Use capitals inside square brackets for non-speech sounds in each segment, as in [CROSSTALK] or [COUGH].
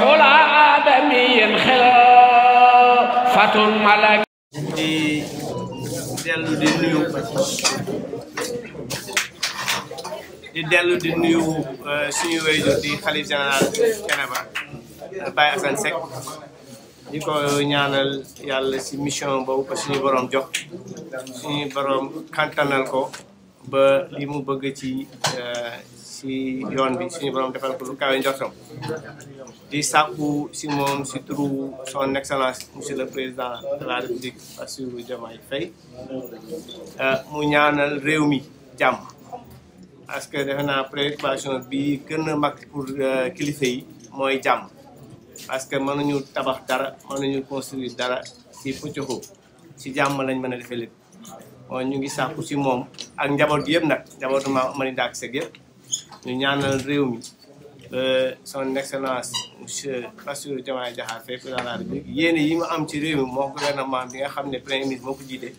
xula aadami yen xilafatun malak di dellu di nuyu di dellu di nuyu eh, suñu wéyjur di xalif général Thiénaba eh, Baye Assane Seck di ko ñaanal yàlla si mission boobu ko suñu borom jox suñu borom kantanal ko ba li mu bëgg ci eh, si yon bi suñu borom defal ko lu kawe di sàkku si moom si turu son excellence monsieur le président de la république Bassirou Diomaye Faye mu ñaanal réew mi jam parce que defe naa préoccupation bi gën a mag pour kilifa yi mooy jàmm parce que mënuñu tabax dara mënuñu construire dara si pëccoxo si jam lañ mën a defee lépp ñu ngi sàkku si moom ak njaboot gi yëpp ñu ñaanal réew mi son excellence monsieur Bassirou Diomaye Diakhar Faye président yi mu am ci réew mi moo gouvernement bi nga xam ne premier ministre moo ko jiite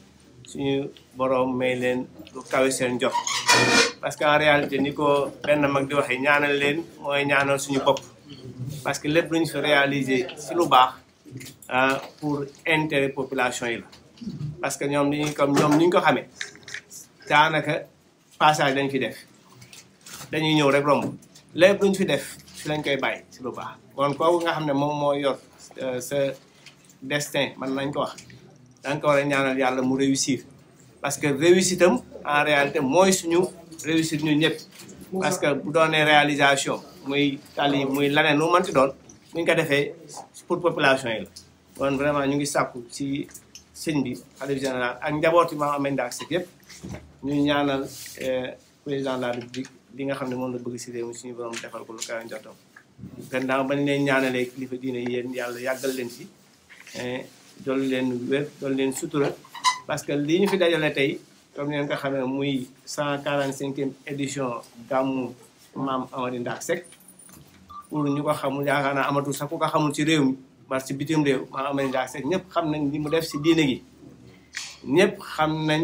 suñu borom may leen lu kawe seen jox parce que en réalité ni ko benn mag di waxee ñaanal leen mooy ñaanal suñu bopp parce que lépp lu ñu fi réaliser si lu baax ah, pour intérêt population yi la parce que ñoom li ñu comme ñoom ni ñu ko xamee daanaka passage dañ fi def dañuy ñëw rek romb lépp luñ fi def fi lañ koy bàyyi si lu baax kon kooku nga xam ne moom mooy yor euh, sa destin man nañ ko wax danga ko war a ñaanal yàlla mu réussir parce que réussite am en réalité mooy suñu réussite ñu ñëpp parce que bu réalisation muy tali muy laneen nu mënti doon buñ ko defee pour population yi la kon vraiment ñu ngi saku si sëñ bi xalifa général ak njabooti ma Amé Ndack Seck yëpp ñu ñaanal euh, président de la république li nga xam ne moom la bëgg si réew mi suñu borom defal ko lu kawe njortam gannaaw bañ leen ñaanalee kilifa diine yéen yàlla yàggal leen si eh, doolu leen wér doolu leen sutura parce que lii ñu fi dajale tey comme leen nga xam ne muy cent quarante cinquième édition gàmmu maam Amary Ndack Seck pour ñu ko xamul yaakaar naa amatul sax ku ko xamul ci réew mi mar ci bitim réew maam Amary Ndack Seck ñëpp xam nañ li mu def si diine gi ñëpp xam nañ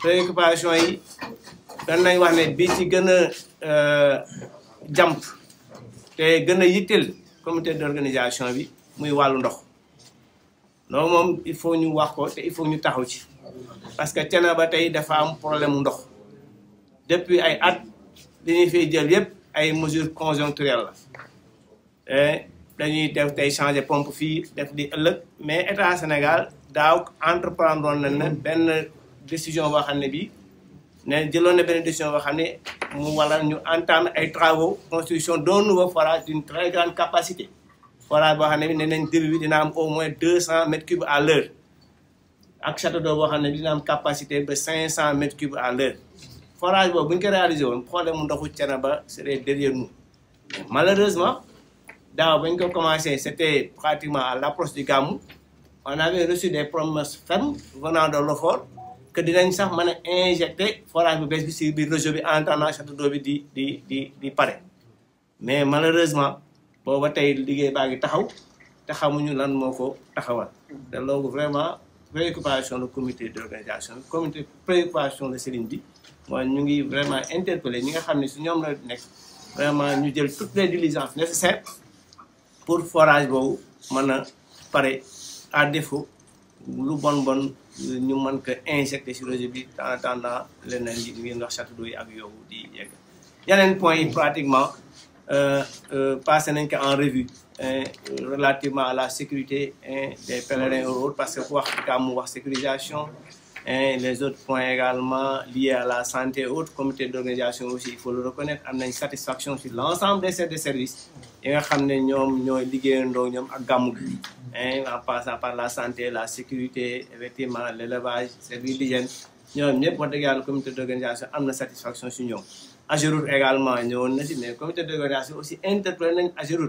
préoccupation yi dan nañ wax ne bi ci gën a euh, jàmp te gën a yitteel comité d'organisation bi muy wàllu ndox loolu moom il faut ñu wax ko te il faut ñu taxaw ci parce que ba tey dafa am problème ndox depuis ay at li ñuy jël yëpp ay mesures conjoncturelles la eh, dañuy def tey changé pompe fii def di ëllëg mais état Sénégal daaw entreprendre na nañ ne benn décision boo xam ne bii ne jëloon na benn décision boo xam ne mu wala ñu entendre ay travaux construction d'un nouveau forage d'une très grande capacité forage boo xam ne bi nañ début bi dina am au moins deux cent mètres cubes à l'heure ak château d'eau boo xam ne dina am capacité ba cinq cent mètres cubes à l'heure forage boobu bu ñu ko réalisé woon problème mu ndoxu Thiénaba serait derrière nous malheureusement daaw ba ko commencé c'était pratiquement à l'approche du Gamou on avait reçu des promesses fermes venant de l'OFOR que dinañ sax mën a injecté forage bu bees bi si biir réseau bi en attendant château d'eau bi di di di di pare mais malheureusement booba tey liggéey baa ngi taxaw te xamuñu lan moo ko taxawal te loolu vraiment préoccupation le comité d'organisation comité préoccupation la Serigne bi mooy ñu ngi vraiment interpellé ñi nga xam ne su ñoom la nekk vraiment ñu jël toutes les diligences nécessaires pour forage boobu mën a pare à défaut lu bon bon ñu mën ko injecté sur réseau bi en attendant leneen yi ngir ndax château de ak yow di yegg point pratiquement euh, euh, passé nañ en revue hein, relativement à la sécurité hein, des pèlerins et autres parce que nous wax la sécurisation hein, les autres points également liés à la santé et autres comités d'organisation aussi il faut le reconnaître am une satisfaction sur l'ensemble des services yi nga xam ne ñoom ñooy liggéeyandoo ñoom ak gàmmu Hein, en passant par la santé, la sécurité, l'élevage, service d'hygiène. Nous, avons pour comité satisfaction également nous, na mais comité de aussi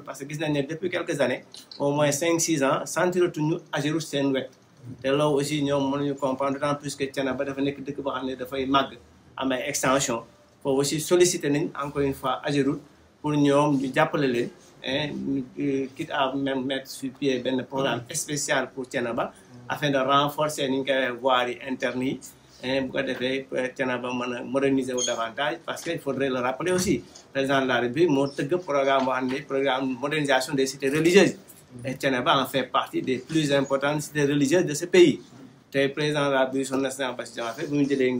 parce que depuis quelques années au moins 5 6 ans sentiratuñu une wet. Et là aussi nous plus que extension aussi solliciter encore une fois pour nous appeler Hein, euh, quitte à même mettre sur pied un programme spécial pour Tianaba afin de renforcer les voies internes et de Tianaba moderniser davantage parce qu'il faudrait le rappeler aussi le président de la République que le programme de modernisation des cités religieuses et Tianaba en fait partie des plus importantes cités religieuses de ce pays le président de la République son national a fait fait bu de jëlee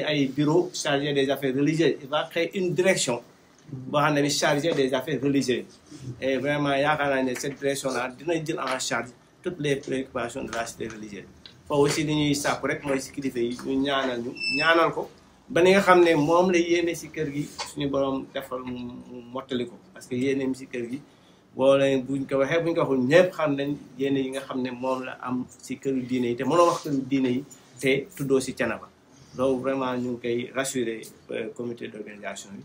a bureau chargé des affaires religieuses il va créer une direction boo xam ne bi chargé des affaires religieuses et vraiment yaakaar naa ne cette direction a dina jël en charge toutes les préoccupations de la cité religieuse foofu aussi li ñuy sàpp rek mooy si kilifa yi ñu ñaanal ñu ñaanal ko ba ni nga xam ne moom la yéene si kër gi suñu borom defal mu mottali ko parce que yéeneem si kër gi boo leen buñ ko waxee buñ ko ñëpp xam nañ yéene yi nga xam ne moom la am si kër diine yi te mënoo wax këru diine yi te tuddoo si Thiénaba loolu vraiment ñu ngi koy rassurer euh, comité d'organisation bi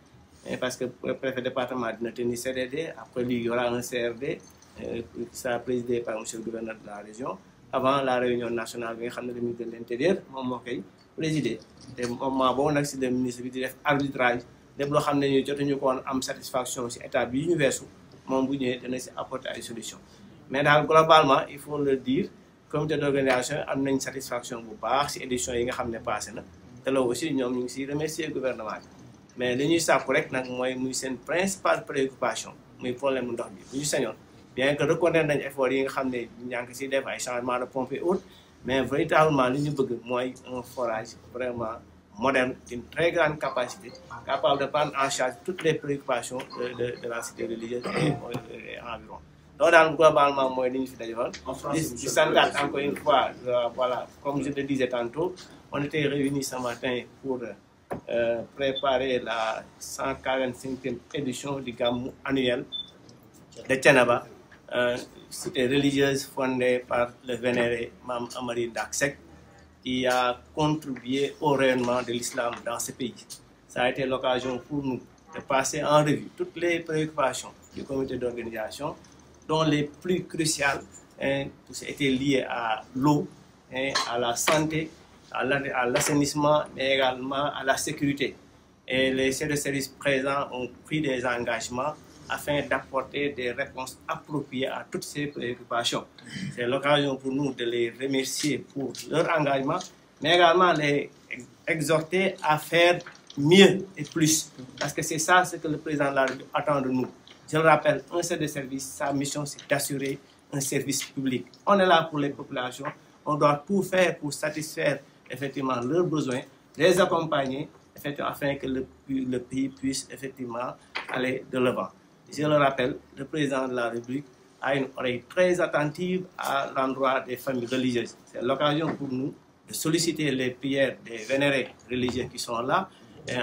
parce que le préfet département a tenu CDD, après lui, il y aura un CRD euh, qui sera présidé par M. le gouverneur de la région, avant la réunion nationale, le ministre de l'Intérieur, mon moquet, présidé. Et moment bon, c'est du ministre du arbitrage, de eu une satisfaction sur l'état de l'université, mon bougné, de apporter des solutions. Mais dans, globalement, il faut le dire, le comité d'organisation a une satisfaction pour par si a est passée. Et là aussi, nous remercier le gouvernement mais nous ñuy sàkku rek nag muy principale préoccupation muy problème ndox bi bien que reconnaître nañ effort yi nga xamné ñank ci def ay changement de pompe et autres mais véritablement li ñu bëgg un forage vraiment moderne d'une très grande capacité capable de prendre en charge toutes les préoccupations de la cité religieuse et environ Donc, le globalement nous avons ñu En France, encore une fois euh, voilà comme je le disais tantôt on était réunis ce matin pour euh, préparer la 145e édition du GAMU annuel de Tianaba, euh, cité religieuse fondée par le vénéré Mam Amari Daksek, qui a contribué au rayonnement de l'islam dans ce pays. Ça a été l'occasion pour nous de passer en revue toutes les préoccupations du comité d'organisation, dont les plus cruciales hein, étaient liées à l'eau, hein, à la santé à l'assainissement, mais également à la sécurité. Et les services présents ont pris des engagements afin d'apporter des réponses appropriées à toutes ces préoccupations. C'est l'occasion pour nous de les remercier pour leur engagement, mais également les exhorter à faire mieux et plus. Parce que c'est ça ce que le président attend de nous. Je le rappelle, un service de service, sa mission, c'est d'assurer un service public. On est là pour les populations. On doit tout faire pour satisfaire effectivement leurs besoins, les accompagner afin que le, pays puisse effectivement aller de l'avant. Je le rappelle, le président de la République a une oreille très attentive à l'endroit des familles religieuses. C'est l'occasion pour nous de solliciter les prières des vénérés religieux qui sont là,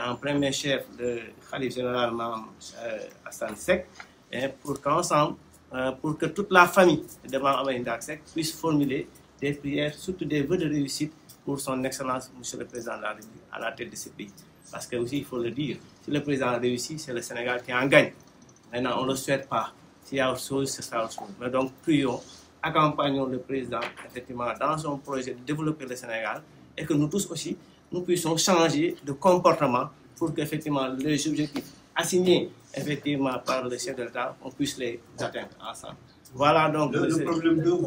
en premier chef le Khalif général Mam euh, Hassan Sek, et pour qu'ensemble, euh, pour que toute la famille de Mam Hassan Sek puisse formuler des prières, surtout des voeux de réussite pour son excellence, Monsieur le Président de la République, à la tête de ce pays. Parce que aussi, il faut le dire, si le Président réussit, c'est le Sénégal qui en gagne. Maintenant, on ne le souhaite pas. S'il y a autre chose, ce sera autre chose. Mais donc, prions, accompagnons le Président, effectivement, dans son projet de développer le Sénégal et que nous tous aussi, nous puissions changer de comportement pour qu'effectivement, les objectifs assignés effectivement par le chef de l'État, on puisse les atteindre ensemble. Voilà donc... Le, problème de l'eau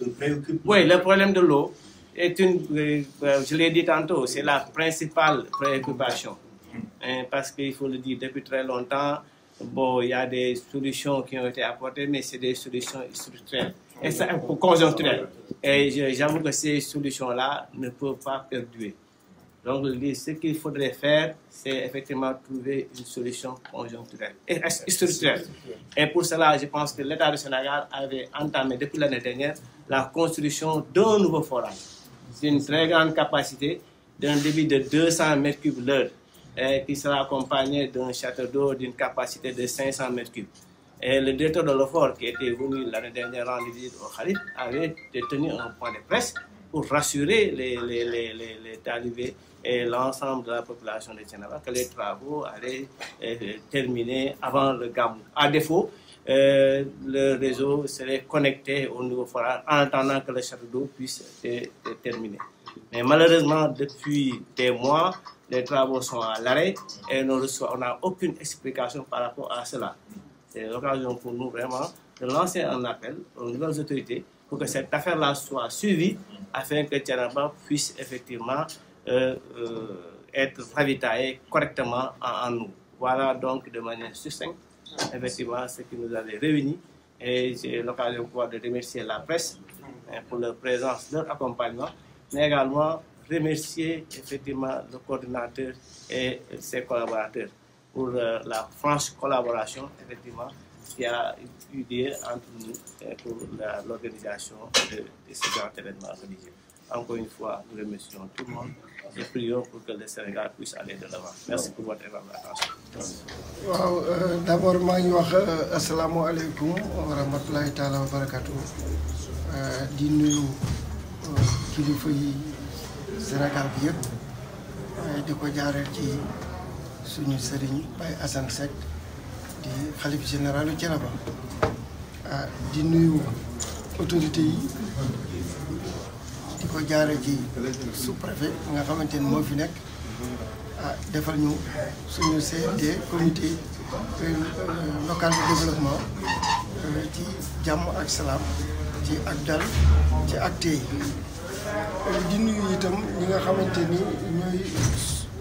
vous préoccupé. Oui, le problème de l'eau, une, euh, je l'ai dit tantôt, c'est la principale préoccupation. Mm-hmm. Hein, parce qu'il faut le dire, depuis très longtemps, bon, il y a des solutions qui ont été apportées, mais c'est des solutions structurelles, et ça, conjoncturelles. Et j'avoue que ces solutions-là ne peuvent pas perdurer. Donc, ce qu'il faudrait faire, c'est effectivement trouver une solution conjoncturelle et structurelle. Et pour cela, je pense que l'État du Sénégal avait entamé depuis l'année dernière la construction d'un nouveau forum d'une très grande capacité d'un débit de 200 m3 l'heure et qui sera accompagné d'un château d'eau d'une capacité de 500 m3. Et le directeur de l'OFOR qui était venu l'année dernière en visite au Khalid avait tenu un point de presse pour rassurer les, les, et l'ensemble de la population de Tianaba que les travaux allaient euh, terminer avant le Gamou. À défaut, euh, le réseau serait connecté au nouveau forage en attendant que le château d'eau puisse être terminé. Mais malheureusement, depuis des mois, les travaux sont à l'arrêt et on n'a aucune explication par rapport à cela. C'est l'occasion pour nous vraiment de lancer un appel aux nouvelles autorités pour que cette affaire-là soit suivie afin que Tianaba puisse effectivement euh, euh, être ravitaillé correctement en, en nous. Voilà donc de manière succincte effectivement, ce qui nous avait réunis. Et j'ai l'occasion de remercier la presse hein, pour leur présence, leur accompagnement, mais également remercier effectivement le coordinateur et ses collaborateurs pour euh, la franche collaboration effectivement qui a eu lieu entre nous euh, pour l'organisation de, ce grand événement religieux. Encore une fois, nous remercions tout le monde. et prions pour que le waaw euh, d' abord maa ngi wax euh, asalaamualeykum wa rahmatulahi taala wa barakatu euh, di nuyu kilifa yi Sénégal bi yëpp di ko jaareel ci suñu sëriñ Baye Assane Seck di xalif généralu Thiénaba di nuyu autorité yi. di ko jaare ci sous-préfet nga xamante ni moo fi nekk ah defal ñu suñu CRD comité euh, local de développement euh, ci jàmm ak salaam ci ak dal ci ak tey euh, di nuyu itam ñi nga xamante ni ñooy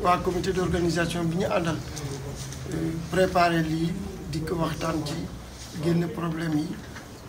waa comité d'organisation bi ñu àndal préparé lii di ko waxtaan ci génn problème yi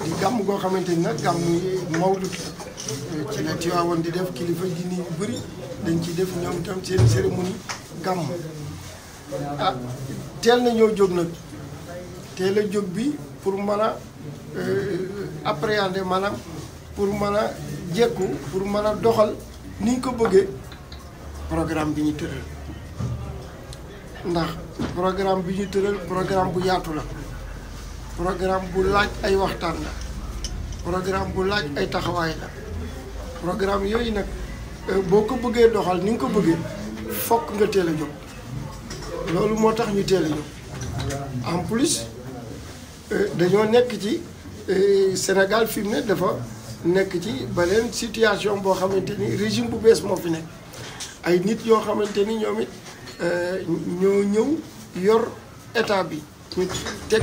di gàmm goo xamante ni nag gàmm mawlud ci la Tiwaawan di def kilifa diine yu bëri dañ ciy def ñoom itam seen cérémonie gàmm ah teel na ñoo jóg nag teel a jóg bi pour mën a euh, appréhender maanaam pour mën a jekku pour mën a doxal ni ñu ko bëggee programme bi ñu tëral ndax programme bi ñu tëral programme bu yaatu la programme bu laaj ay waxtaan la programme bu laaj ay taxawaay la programme yooyu nag euh, boo ko bëggee doxal ni nga ko bëggee fokk nga teel a jóg loolu moo tax ñu téela a en plus euh, dañoo nekk ci euh, Sénégal fi ne dafa nekk ci beneen situation boo xamante ni régime bu bees moo fi nekk ay nit yoo xamante ni ñoom it ñoo ñëw yor état bi ñu teg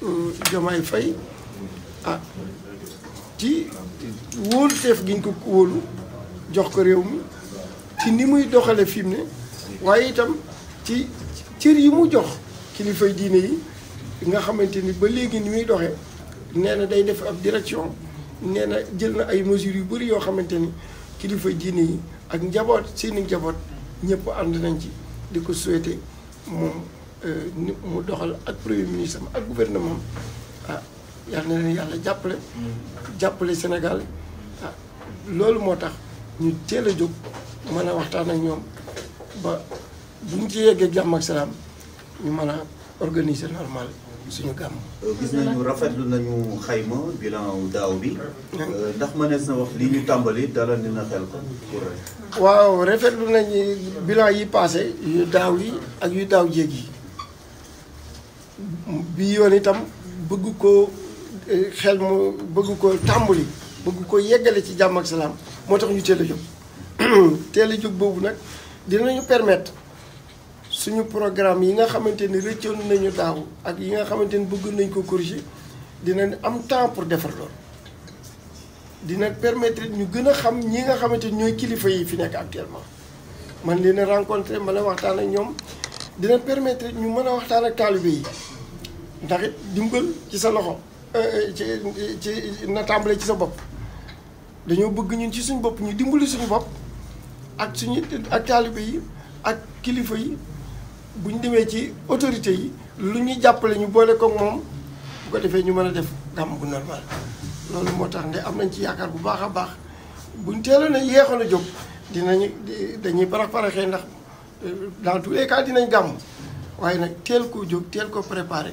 Euh, Diomaye Faye ah ci wóolu teef giñ ko wóolu jox ko réew mi ci ni muy doxale fi ne waaye itam ci cër yi mu jox kilifa diine yi nga xamante ni ba léegi ni muy doxee nee na day def ab direction nee na jël na ay mesures yu bëri yoo xamante ni kilifay diine yi ak njaboot seeni njaboot ñëpp ànd nañ ci di ko souhaité moom Euh, ni mu doxal ak premier ministre am ak gouvernement ah yal na leen yàlla jàppale. jàppale Sénégal ah loolu moo tax ñu teel a jóg mën a waxtaan ak ñoom ba bu ñu ci yeggee jàmm ak salaam ñu man a organiser normal suñu gàmm. Euh, gis nañu rafetlu nañu xayma bilan daaw bi. Euh, ndax ma mënees na wax li ñu tàmbali dara dina xel ko. waaw rafetlu nañu bilan yi passé yu daaw yi ak yu daaw jéeg yi. bi yoon itam bëgg ko eh, xel mu bëgg ko tàmbali bëgg ko yeggale ci jàmm ak salaam moo tax ñu teel a jóg [CLEARS THROAT] teel a jóg boobu nag dinañu permettre suñu programme yi nga xamante ni rëccoon nañu daaw ak yi nga xamante ni bëgg nañ ko corriger dinañ am temps pour defar loolu dina permettre ñu gën a xam ñi nga xamante ni ñooy kilifa yi fi nekk actuellement man leen a mala mën a waxtaan ak ñoom dina permettre ñu mën a waxtaan ak taalibe yi ndax it dimbal ci sa loxo eh, eh, ci ci na tàmbale ci sa bopp dañoo bëgg ñun ci suñu bopp ñu dimbali suñu bopp ak suñu ak taalibe yi ak kilifa yi bu ñu demee ci autorité yi lu ñu jàppale ñu boole ko moom bu ko defee ñu mën a def gàmm bu normal loolu moo tax nde am nañ ci yaakaar bu baax a baax buñ teeloon a yeexoon a jóg dinañu dañuy parax paraxee ndax eh, dans tous les dinañ gàmm waaye nag teel koo jóg teel ko préparé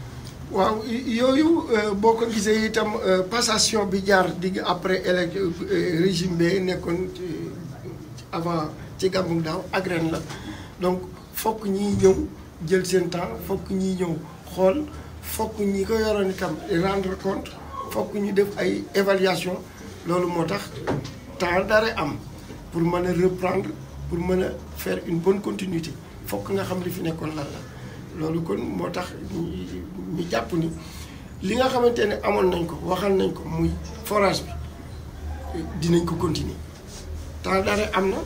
waaw yooyu euh, boo ko gisee itam euh, passation bi jaar digg après élect euh, régime bi nekkoon avant ci gàmmu daaw ak ren la donc fokk ñiy ñëw jël seen temps fokk ñiy ñëw xool fokk ñi ko yoroon itam rendre compte fokk ñu def ay évaluation loolu moo tax temps dara am pour mën a reprendre pour mën a faire une bonne continuité fokk nga xam li fi nekkoon lan la loolu kon moo tax ñu jàpp ni li nga xamante ne amoon nañ ko waxal nañ ko muy forage bi dinañ ko continuer temps dara am na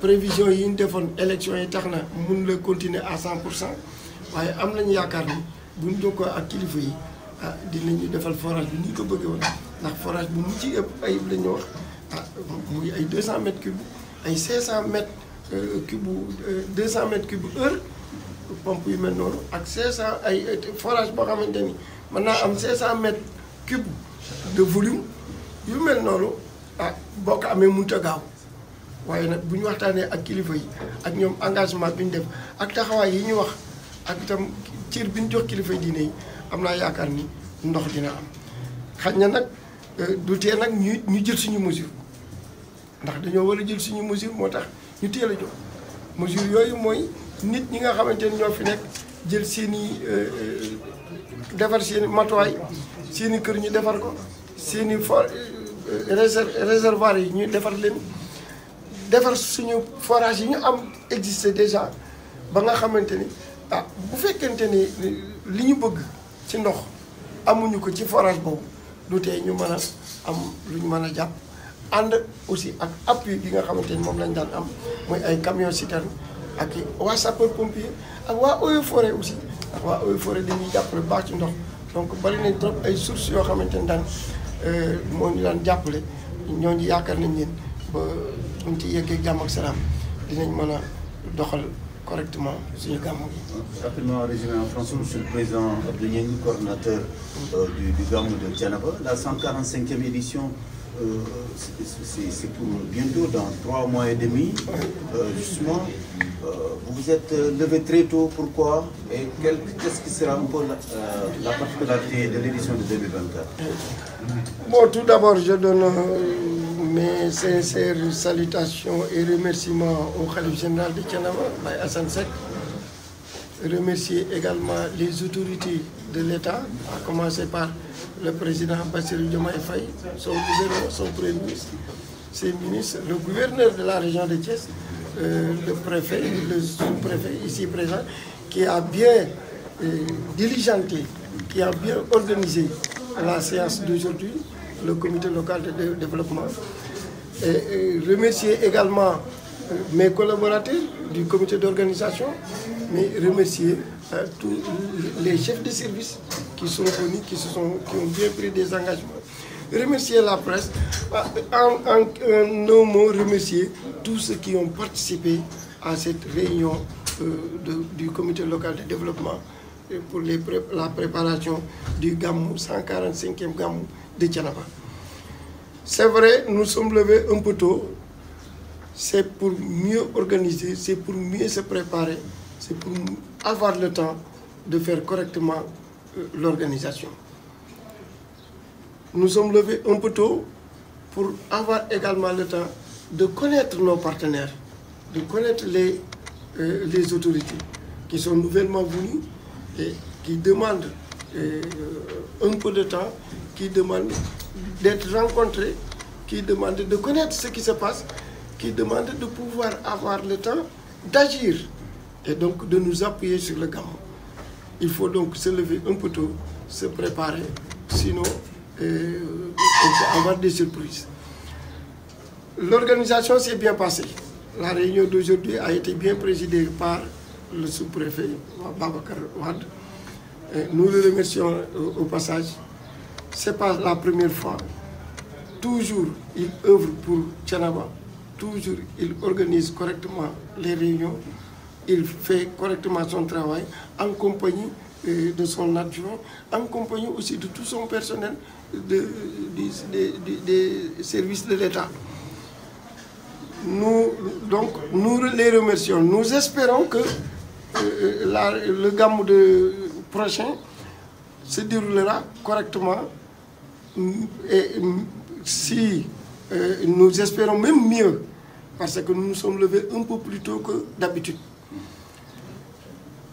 prévision yi ñu defoon élection yi tax na mun la continuer à cent pour cent waaye am nañu yaakaar ni buñ jokkoo ak kilifa yi ah dinañu defal forage bi ni ko bëggee woon ndax forage bu mu ci ëpp ayib la ñu wax ah muy ay 200 cent mètres cubes ay 500 cent mètres euh, cubes euh, deux cent mètres cubes heure pompe yu mel noonu ak 500 ay forage boo xamante ni mën naa am 500 mètres cube de volume yu mel noonu ah boo ko amee mënut a gaaw waaye nag bu ñu waxtaanee ak kilifa yi ak ñoom engagement bi ñu def ak taxawaay yi ñu wax ak itam cër bi ñu jox kilifa yi diine yi am naa yaakaar ni ndox dina am xaj na nag euh, du tee nag ñu ñu jël suñu mesure ndax dañoo war a jël suñu mesure moo tax ñu teel a jox mesure yooyu mooy. nit ñi nga xamante ni ñoo fi nekk jël seen i euh, euh, defar seen i matuwaay seen i kër ñu defar ko seeni i euh, réservoir yi ñu defar leen defar suñu forage yi ñu am existé déjà ba nga xamante ni ah bu fekkente ni li ñu bëgg ci ndox amuñu ko ci forage boobu du tee ñu mën a am lu ñu mën a jàpp ànd aussi ak appui bi nga xamante ni moom lañ daan am mooy ay camion citerne ak wa sapeur pompier ak wa eaux et forêt aussi ak wa eaux et forêt dañuy jàppale baax ci ndox donc bari nañ trop ay sources yo xamante ne euh mo ñu jappalé ñoo ñooñu yaakaar nañ leen ba buñ ci yeggé jàmm ak salaam dinañ mëna doxal correctement suñu gàmmu gi. rapidement régional François monsieur le président Abdou Niang coordinateur euh, du du gamu de Thiénaba la 145e édition. Euh, c'est pour bientôt, dans trois mois et demi, euh, justement, euh, Vous vous êtes levé très tôt, pourquoi Et qu'est-ce qui sera un peu la, particularité de l'édition de 2024 Bon, tout d'abord, je donne mes sincères salutations et remerciements au Khalif général de Tianama, Hassan Sek. Remercier également les autorités de l'État, à commencer par le président Bassirou Diomaye son gouvernement, son premier ministre, ses ministres, le gouverneur de la région de Thiès, euh, le préfet, le sous-préfet ici présent, qui a bien euh, diligenté, qui a bien organisé la séance d'aujourd'hui, le comité local de développement. remercier également euh, mes collaborateurs du comité d'organisation, mais remercier euh, tous les chefs de service qui sont venus, qui, se sont, qui ont bien pris des engagements. Remercier la presse, euh, en, un mot, remercier tous ceux qui ont participé à cette réunion euh, du comité local de développement pour les la préparation du GAMU, 145e GAMU de Tianaba. C'est vrai, nous sommes levés un peu tôt, c'est pour mieux organiser, c'est pour mieux se préparer, c'est pour avoir le temps de faire correctement euh, l'organisation. Nous sommes levés un peu tôt pour avoir également le temps de connaître nos partenaires, de connaître les, euh, les autorités qui sont nouvellement venues et qui demandent euh, un peu de temps, qui demandent d'être rencontrés, qui demandent de connaître ce qui se passe, qui demandent de pouvoir avoir le temps d'agir et donc de nous appuyer sur le Gabon. Il faut donc se lever un peu tôt, se préparer, sinon euh, on peut avoir des surprises. L'organisation s'est bien passée. La réunion d'aujourd'hui a été bien présidée par le sous-préfet Babacar Wad. Nous le remercions euh, au passage. Ce n'est pas la première fois. Toujours, il œuvre pour Tchanaba. Toujours, il organise correctement les réunions il fait correctement son travail en compagnie euh, de son adjoint, en compagnie aussi de tout son personnel des services de l'État. Nous, donc, nous les remercions. Nous espérons que euh, euh, le gamme de prochain se déroulera correctement. Et si nous espérons même mieux, parce que nous nous sommes levés un peu plus tôt que d'habitude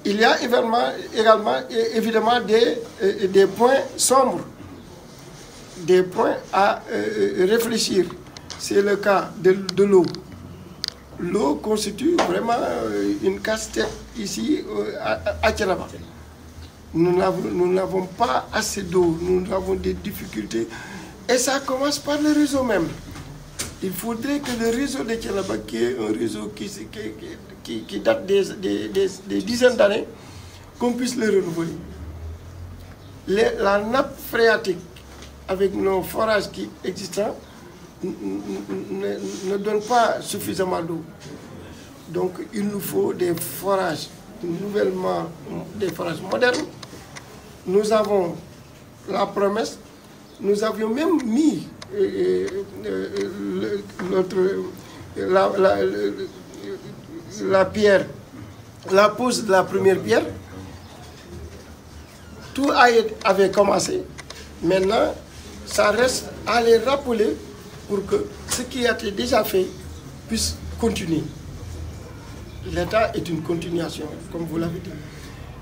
il y a également, également évidemment des, des points sombres, des points à réfléchir. C'est le cas de, l'eau. L'eau constitue vraiment euh, une casse-tête ici euh, à, à Nous n'avons pas assez d'eau, nous avons des difficultés. Et ça commence par le réseau même. Il faudrait que le réseau de Tcheraba, qui est un réseau qui, qui, qui qui, date datent des, dizaines d'années, qu'on puisse les renouveler. la nappe phréatique, avec nos forages qui existants, ne, donne pas suffisamment d'eau. Donc il nous faut des forages nouvellement, des forages modernes. Nous avons la promesse, nous avions même mis euh, euh, euh, notre la pierre, la pose de la première pierre, tout avait commencé. Maintenant, ça reste à les rappeler pour que ce qui a été déjà fait puisse continuer. L'État est une continuation, comme vous l'avez dit.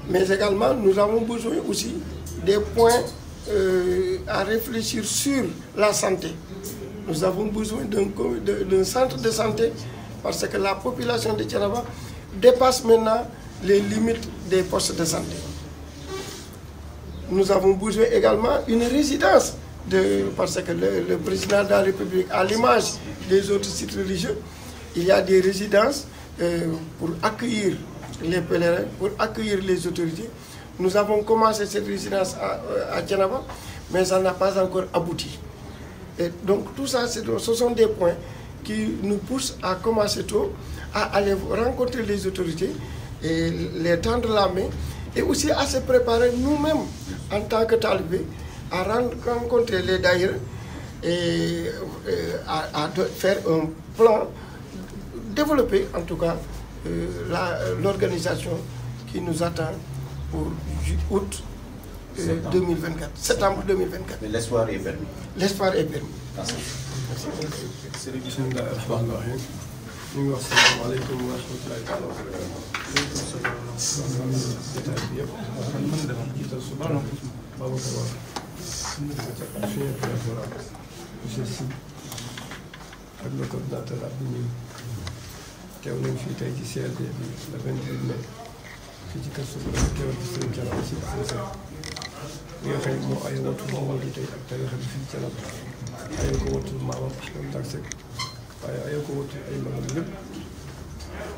Mais également, nous avons besoin aussi des points euh, à réfléchir sur la santé. Nous avons besoin d'un centre de santé parce que la population de Thiénaba dépasse maintenant les limites des postes de santé. Nous avons besoin également une résidence, de, parce que le, président de la République, à l'image des autres sites religieux, il y a des résidences euh, pour accueillir les pèlerins, pour accueillir les autorités. Nous avons commencé cette résidence à, euh, à mais ça n'a pas encore abouti. donc tout ça, ce sont des points qui nous pousse à commencer tôt, à aller rencontrer les autorités et les tendre la main, et aussi à se préparer nous-mêmes en tant que talibé à rencontrer les d'ailleurs et, euh, à, faire un plan, développer en tout cas euh, l'organisation qui nous attend pour août 2024, euh, septembre 2024. L'espoir est permis. L'espoir est permis. بسم الله الرحمن الرحيم السلام عليكم ورحمة الله تعالى وبركاته أبلغ قدرات العبدين كونهم في تأتي سيادة لبن الماء في تلك الصبر كما تسلم كلام سيد حسن ويخيم أيوة الله لتأتي أكتر خلف الكلام أيكوت المعرض حلم داكسك أيكوت أي مغلب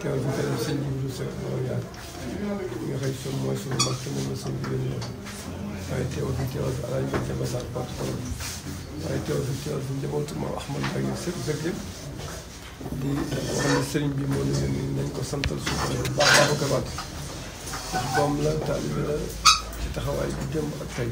كان في كلام سنجي وجوسك مريان يخيش الموش المكتب المسلم بالله فايتي وفي تيوز على يوم تبس على البطل فايتي وفي تيوز من جبوت مع أحمد باقي سر زكي دي وهم السرين بيمون من نينكو سنتل سوبر بعض بعض كبات باملا تعليم تخوي جم أكتئب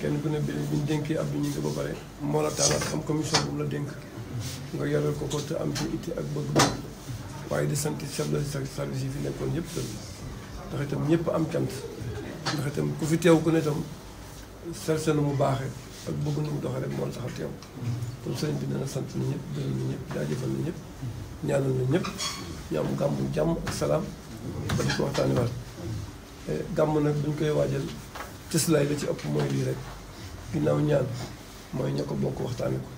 kenn ku ne bi ñu dénkee ab ñu ngi ba pare moo la tànnaat am commission bu mu la dénk nga yoral ko ko te am ci itte ak bëgg-bëgg waaye di sant chef sa service yi fi nekkoon yëpp tam ndax itam ñëpp am cant ndax itam ku fi teew ku ne tam serse nu mu baaxee ak bëgg nu mu doxee rek moo la tax a teew kon sëriñ bi dina sant na ñëpp gërëm na ñëpp jaajëfal na ñëpp ñaanal na ñëpp ñu am gàmmu jàmm ak salaam ba di ko waxtaani waat eh, gàmm nag buñ koy waajal تسلاي لا تي اوب موي لي رك غيناو نيان موي نياكو بوك واختاني كو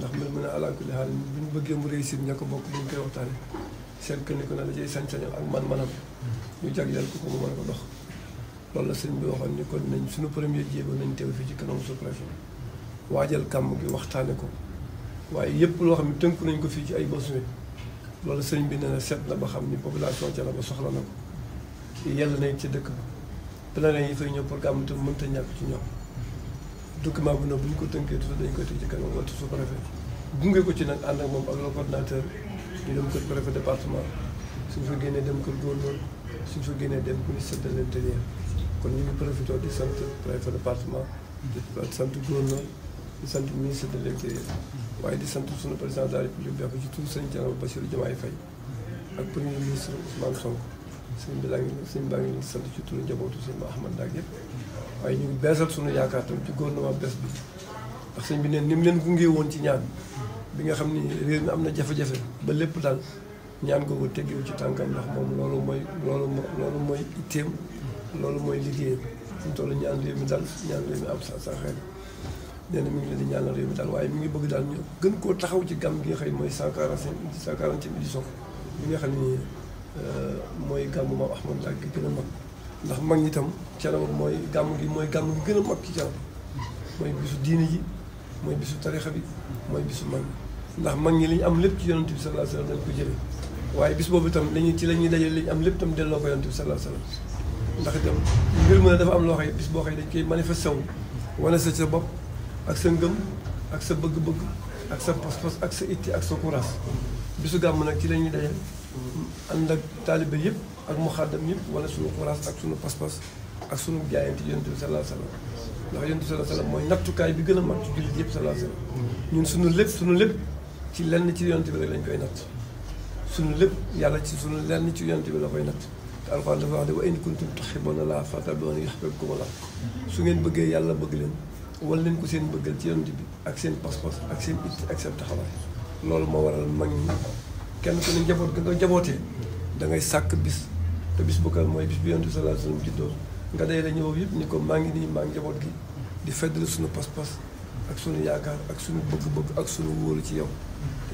ناخ من مانا على كل حال بن بوغي مو ريسيت نياكو بوك بن كاي واختاني سير كنيكو نا لا جاي سان سان اك مان مانام ني جاك يال كو كو مانا كو دوخ لول لا سيرن بي واخون ني كون نين سونو بروميير جيب نين تيو في جي كانوم سو بروفيل واجال كام كي واختاني كو واي ييب لو خامي تنك نين كو في جي اي بوسوي لول لا سيرن بي نانا سيت لا با خامي بوبولاسيون جالا با سوخلا نكو يالا ناي pèlerins yi fay ñëw pour gàmmu te mënta ñàkk ci ñoom document bu ne bu ñu ko tënkee toujours dañ koy tëj ci kanam wala sous-préfet gunge ko ci nag ànd ak moom ak le coordonnateur ñu dem kër préfet département suñ fa génnee dem kër gouverneur suñ fa génnee dem ministère de l'intérieur kon ñu ngi profité di sant préfet département di sant gouverneur sant ministre de l'intérieur waaye di sant sunu président de la république bi ci tout sëñ Thierno Bassirou Diomaye Faye ak premier ministre Ousmane sëñ bi laa ngi sëñ baa ngi sant ci turu njabootu sëñ ma Ahmad Ndaak yëpp waaye ñu ngi beesal sunu yaakaar tam ci gouvernement bees bi ndax sëñ bi neen ni mu leen gungee woon ci ñaan bi nga xam ni réew mi am na jafe ba lépp daal ñaan googu ci tànkam ndax moom loolu mooy loolu loolu mooy itteem loolu mooy liggéeyam fi mu toll ñaan réew mi daal ñaan réew mi am sa sa xel nee na mi ngi leen di ñaanal réew mi daal waaye mi ngi bëgg daal ñu gën koo taxaw ci gam gi xëy mooy cent quarante cinq cent quarantième édition bi nga xam ne Euh, mooy gàmmu maam Ahmad Ndak gi gën a mag ndax mag ñi tam Thiénaba mooy gàmm gi mooy gàmm gi gën a mag ci Thiénaba mooy bisu diine ji mooy bisu tarixa bi mooy bisu mag ndax mag ñi li ñu am lépp ci yonent bi sallallahu alayhi wa sallam dañ ko jëlee waaye bis boobu itam lañu ci la ñuy dajale li am lépp itam delloo ko yonent bi sallallahu ndax itam mbir ne dafa am loo xam bis boo xam dañ koy manifesté wu wane sa sa bopp ak sa ngëm ak sa bëgg-bëgg ak sa pas-pas ak sa itti ak sa courage bisu gàmm nag ci la ñuy dajale ànd ak taalibe yëpp ak muxaddam yëpp wala suñu xuraas ak suñu pas-pas ak suñu jaayante yonent bi sallallahu alayhi wa sallam ndax yonent bi sallallahu alayhi wa sallam mooy nattukaay bi gën a mag ci jullit yëpp sallallahu alayhi wa sallam ñun suñu lépp suñu lépp ci lenn ci yonent bi rek lañ koy natt suñu lépp yàlla ci suñu lenn ci yonent bi la koy natt te alxuraan dafa wax ne wa in kuntum tuhibbuuna llaaha fattabi'uuni yuhbibkumullaah su ngeen bëggee yàlla bëgg leen wal leen ko seen bëggal ci yonent bi ak seen pas-pas ak seen it ak seen taxawaay loolu moo waral mag ñi kenn ku ne njaboot ga nga jabootee da ngay sàkk bis te bis bu ko mooy bis bi yonent bi sallallahu alayhi wasallam juddoo nga day la ñëw yëpp ni ko maa ngi nii maa ngi njaboot gi di feddali suñu pas-pas ak suñu yaakaar ak suñu bëgg-bëgg ak suñu wóolu ci yow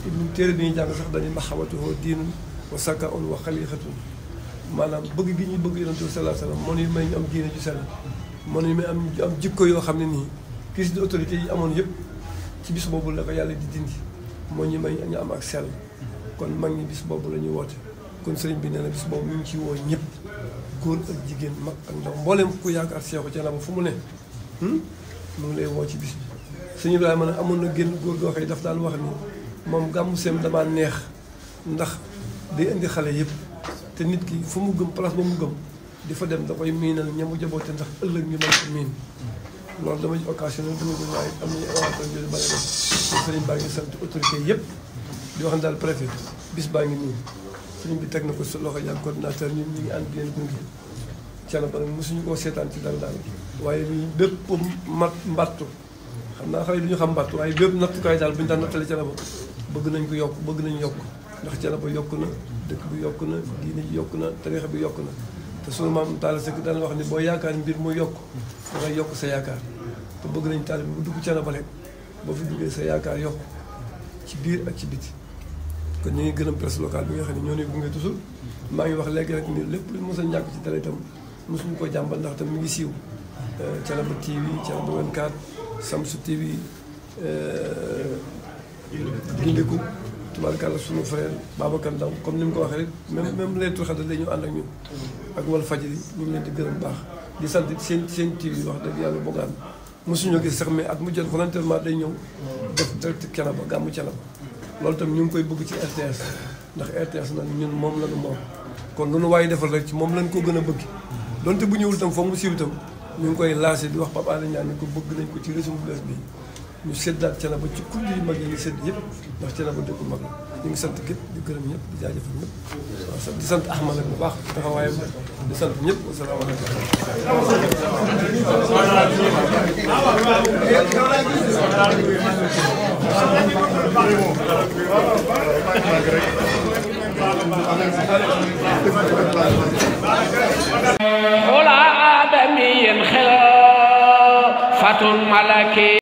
ibnu téere bi ñuy jàng sax dañu maxawatuhoo diinun wa sakka un wa xaliixatun maanaam bëgg gi ñu bëgg yonent bi sallallahu alayhi wasallam moo ñu may ñu am diine ju sell moo ñu may am am jikko yoo xam ne nii crise d'autorité yi amoon yëpp ci bis boobu la ko yàlla di dindi moo ñu may ñu am ak sell kon mag ñi bis boobu la ñuy woote kon sëriñ bi nee na bis boobu mi ngi ci woo ñëpp góor ak jigéen mag ak ndaw mbooleem ku yaakaar Seexu Thiénaba fu mu ne hmm, mu ngi lay woo ci bis bi sëñ Ibrahima nag amoon na génn góor goo xëy daf daan wax ni moom gàmmu seem damaa neex ndax day indi xale yëpp te nit ki fu mu gëm place ba mu gëm di fa dem da koy miinal ñamu jaboote ndax ëllëg ñu mën ko miin loolu dama ci occasion dama ko waaye am nañu avantage yu bari la yëpp di wax ne daal préfet bis baa ngi nii sëriñ bi teg na ko sa loxo yaa coordinateur ñun ñu ngi ànd di leen gunge Thiénaba nag mosuñu koo seetaan ci dal daal waaye ñu bépp mat mbattu xam naa xëy du ñu xam mbattu waaye bépp nattukaay daal bu ñu daan nattale Thiénaba bëgg nañ ko yokk bëgg nañ yokk ndax Thiénaba yokk na dëkk bi yokk na yokk na tarixa bi yokk na te sunu maam Talla Seck daal wax ni boo yaakaar mbir mu yokk dangay yokk sa yaakaar te bëgg nañ taal bi bu dugg Thiénaba rek boo fi duggee sa yaakaar yokk ci biir ak ci biti kon ñu ngi gërëm presse locale bi nga xam ne ñoo ñuy gunge toujours maa ngi wax léegi rek ni lépp lu mos a ñàkk ci télé itam mosuñu ko jàmbal ndax tam mi ngi siiw euh, Thiénaba TV Thiénaba 24 Samsu TV euh, Gindiku tubaarkàlla sunu frère Babacar Ndaw comme ni mu ko waxee rek même même laytul xadar dañu ànd ak ñun ak wal fajri ñu ngi leen di gërëm baax di sant seen seen TV wax dëgg yàlla bogaan mosuñu gis sax mais ak mu jot volontairement day ñëw def direct Thiénaba gàmmu Thiénaba loolu tam ñu ngi koy bëgg ci RTS ndax RTS nag ñun moom la moom kon lu nu waaye defal rek ci moom lañ ko gën a bëgg donte bu ñëwul tam foog mu siiw tam ñu ngi koy lancé di wax Pape Alé Niang ko bëgg nañ ko ci réseau bu bees bi ñu seddaat Thiénaba ci kuréel yu mag yi ñu sedd yëpp ndax Thiénaba dëkku mag la ñu ngi sant képp di gërëm ñëpp di jaajëfal ñëpp di sant Axma nag bu baax taxawaayam di sant ñëpp asalaamaaleykum.